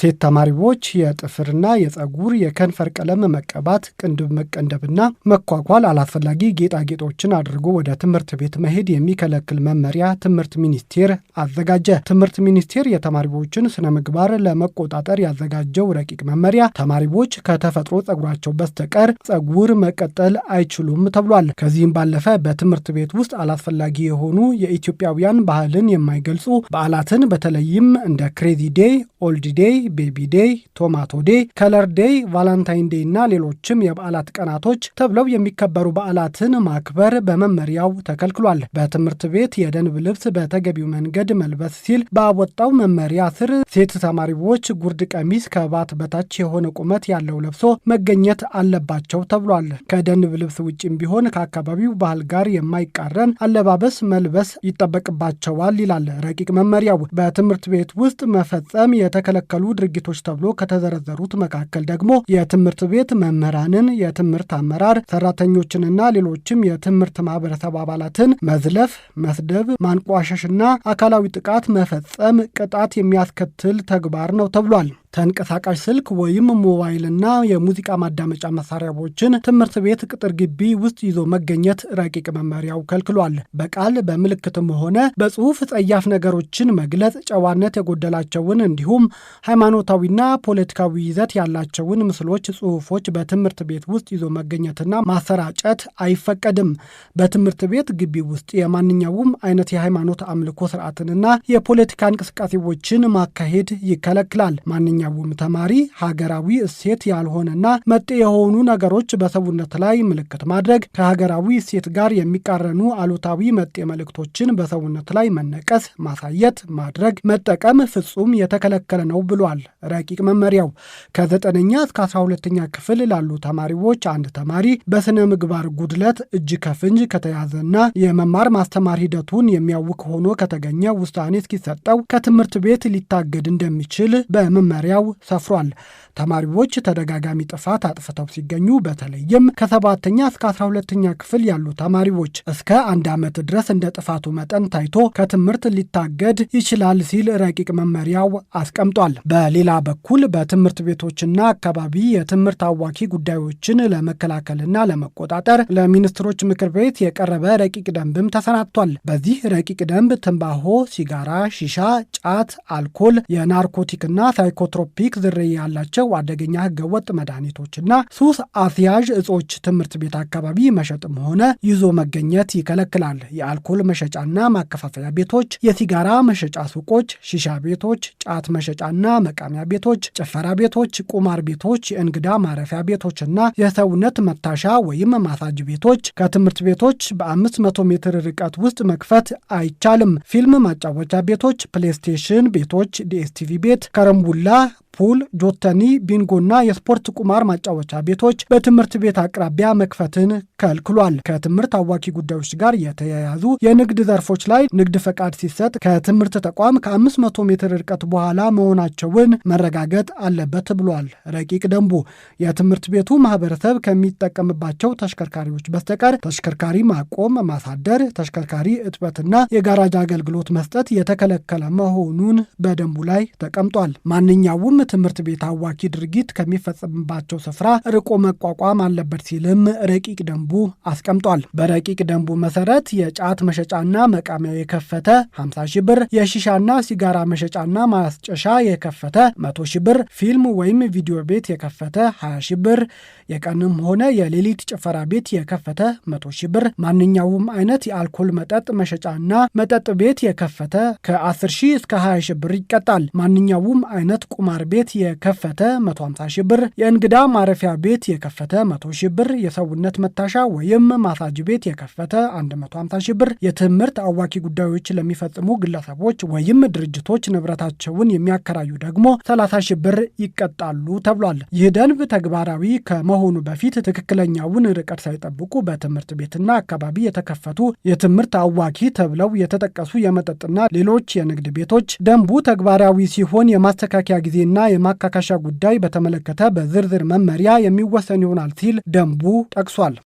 ሴት ተማሪዎች የጥፍርና የጸጉር የከንፈር ቀለም መቀባት፣ ቅንድብ መቀንደብና መኳኳል፣ አላስፈላጊ ጌጣጌጦችን አድርጎ ወደ ትምህርት ቤት መሄድ የሚከለክል መመሪያ ትምህርት ሚኒስቴር አዘጋጀ። ትምህርት ሚኒስቴር የተማሪዎችን ስነ ምግባር ለመቆጣጠር ያዘጋጀው ረቂቅ መመሪያ ተማሪዎች ከተፈጥሮ ጸጉራቸው በስተቀር ጸጉር መቀጠል አይችሉም ተብሏል። ከዚህም ባለፈ በትምህርት ቤት ውስጥ አላስፈላጊ የሆኑ የኢትዮጵያውያን ባህልን የማይገልጹ በዓላትን በተለይም እንደ ክሬዚ ዴይ ኦልድ ዴይ፣ ቤቢ ዴይ፣ ቶማቶ ዴይ፣ ከለር ዴይ፣ ቫላንታይን ዴይ እና ሌሎችም የበዓላት ቀናቶች ተብለው የሚከበሩ በዓላትን ማክበር በመመሪያው ተከልክሏል። በትምህርት ቤት የደንብ ልብስ በተገቢው መንገድ መልበስ ሲል ባወጣው መመሪያ ስር ሴት ተማሪዎች ጉርድ ቀሚስ ከባት በታች የሆነ ቁመት ያለው ለብሶ መገኘት አለባቸው ተብሏል። ከደንብ ልብስ ውጭም ቢሆን ከአካባቢው ባህል ጋር የማይቃረን አለባበስ መልበስ ይጠበቅባቸዋል ይላል ረቂቅ መመሪያው። በትምህርት ቤት ውስጥ መፈጸም የተከለከሉ ድርጊቶች ተብሎ ከተዘረዘሩት መካከል ደግሞ የትምህርት ቤት መምህራንን፣ የትምህርት አመራር ሰራተኞችንና ሌሎችም የትምህርት ማህበረሰብ አባላትን መዝለፍ፣ መስደብ፣ ማንቋሸሽና አካላዊ ጥቃት መፈጸም ቅጣት የሚያስከትል ተግባር ነው ተብሏል። ተንቀሳቃሽ ስልክ ወይም ሞባይልና የሙዚቃ ማዳመጫ መሳሪያዎችን ትምህርት ቤት ቅጥር ግቢ ውስጥ ይዞ መገኘት ረቂቅ መመሪያው ከልክሏል። በቃል በምልክትም ሆነ በጽሁፍ ጸያፍ ነገሮችን መግለጽ፣ ጨዋነት የጎደላቸውን እንዲሁም ሃይማኖታዊና ፖለቲካዊ ይዘት ያላቸውን ምስሎች፣ ጽሁፎች በትምህርት ቤት ውስጥ ይዞ መገኘትና ማሰራጨት አይፈቀድም። በትምህርት ቤት ግቢ ውስጥ የማንኛውም አይነት የሃይማኖት አምልኮ ስርዓትንና የፖለቲካ እንቅስቃሴዎችን ማካሄድ ይከለክላል። ማንኛ ማንኛውም ተማሪ ሀገራዊ እሴት ያልሆነና መጤ የሆኑ ነገሮች በሰውነት ላይ ምልክት ማድረግ፣ ከሀገራዊ እሴት ጋር የሚቃረኑ አሉታዊ መጤ መልእክቶችን በሰውነት ላይ መነቀስ፣ ማሳየት፣ ማድረግ፣ መጠቀም ፍጹም የተከለከለ ነው ብሏል ረቂቅ መመሪያው። ከዘጠነኛ እስከ አስራ ሁለተኛ ክፍል ላሉ ተማሪዎች አንድ ተማሪ በስነ ምግባር ጉድለት እጅ ከፍንጅ ከተያዘና የመማር ማስተማር ሂደቱን የሚያውክ ሆኖ ከተገኘ ውሳኔ እስኪሰጠው ከትምህርት ቤት ሊታገድ እንደሚችል በመመሪያ መመሪያው ሰፍሯል። ተማሪዎች ተደጋጋሚ ጥፋት አጥፍተው ሲገኙ በተለይም ከሰባተኛ እስከ አስራ ሁለተኛ ክፍል ያሉ ተማሪዎች እስከ አንድ ዓመት ድረስ እንደ ጥፋቱ መጠን ታይቶ ከትምህርት ሊታገድ ይችላል ሲል ረቂቅ መመሪያው አስቀምጧል። በሌላ በኩል በትምህርት ቤቶችና አካባቢ የትምህርት አዋኪ ጉዳዮችን ለመከላከልና ለመቆጣጠር ለሚኒስትሮች ምክር ቤት የቀረበ ረቂቅ ደንብም ተሰናድቷል። በዚህ ረቂቅ ደንብ ትንባሆ፣ ሲጋራ፣ ሺሻ፣ ጫት፣ አልኮል፣ የናርኮቲክና ሳይኮትሮፒክ ዝርያ ያላቸው በሽታው አደገኛ ህገወጥ መድኃኒቶችና ሱስ አስያዥ እጾች ትምህርት ቤት አካባቢ መሸጥም ሆነ ይዞ መገኘት ይከለክላል። የአልኮል መሸጫና ማከፋፈያ ቤቶች፣ የሲጋራ መሸጫ ሱቆች፣ ሺሻ ቤቶች፣ ጫት መሸጫና መቃሚያ ቤቶች፣ ጭፈራ ቤቶች፣ ቁማር ቤቶች፣ የእንግዳ ማረፊያ ቤቶችና የሰውነት መታሻ ወይም ማሳጅ ቤቶች ከትምህርት ቤቶች በ500 ሜትር ርቀት ውስጥ መክፈት አይቻልም። ፊልም ማጫወቻ ቤቶች፣ ፕሌስቴሽን ቤቶች፣ ዲኤስቲቪ ቤት፣ ከረምቡላ ፑል፣ ጆተኒ፣ ቢንጎ ና የስፖርት ቁማር ማጫወቻ ቤቶች በትምህርት ቤት አቅራቢያ መክፈትን ከልክሏል። ከትምህርት አዋኪ ጉዳዮች ጋር የተያያዙ የንግድ ዘርፎች ላይ ንግድ ፈቃድ ሲሰጥ ከትምህርት ተቋም ከ500 ሜትር ርቀት በኋላ መሆናቸውን መረጋገጥ አለበት ብሏል። ረቂቅ ደንቡ የትምህርት ቤቱ ማህበረሰብ ከሚጠቀምባቸው ተሽከርካሪዎች በስተቀር ተሽከርካሪ ማቆም፣ ማሳደር፣ ተሽከርካሪ እጥበትና የጋራጅ አገልግሎት መስጠት የተከለከለ መሆኑን በደንቡ ላይ ተቀምጧል። ማንኛውም ትምህርት ቤት አዋኪ ድርጊት ከሚፈጸምባቸው ስፍራ ርቆ መቋቋም አለበት ሲልም ረቂቅ ደንቡ አስቀምጧል። በረቂቅ ደንቡ መሰረት የጫት መሸጫና መቃሚያው የከፈተ 50 ሺ ብር፣ የሺሻና ሲጋራ መሸጫና ማስጨሻ የከፈተ 100 ሺ ብር፣ ፊልም ወይም ቪዲዮ ቤት የከፈተ 20 ሺ ብር፣ የቀንም ሆነ የሌሊት ጭፈራ ቤት የከፈተ 100 ሺ ብር፣ ማንኛውም አይነት የአልኮል መጠጥ መሸጫና መጠጥ ቤት የከፈተ ከ10 ሺ እስከ 20 ሺ ብር ይቀጣል። ማንኛውም አይነት ቁማር ቤት የከፈተ 150 ሺህ ብር፣ የእንግዳ ማረፊያ ቤት የከፈተ 100 ሺህ ብር፣ የሰውነት መታሻ ወይም ማሳጅ ቤት የከፈተ 150 ሺህ ብር፣ የትምህርት አዋኪ ጉዳዮች ለሚፈጽሙ ግለሰቦች ወይም ድርጅቶች ንብረታቸውን የሚያከራዩ ደግሞ 30 ሺህ ብር ይቀጣሉ ተብሏል። ይህ ደንብ ተግባራዊ ከመሆኑ በፊት ትክክለኛውን ርቀት ሳይጠብቁ በትምህርት ቤትና አካባቢ የተከፈቱ የትምህርት አዋኪ ተብለው የተጠቀሱ የመጠጥና ሌሎች የንግድ ቤቶች ደንቡ ተግባራዊ ሲሆን የማስተካከያ ጊዜና የማካካሻ ጉዳይ በተመለከተ በዝርዝር መመሪያ የሚወሰን ይሆናል ሲል ደንቡ ጠቅሷል።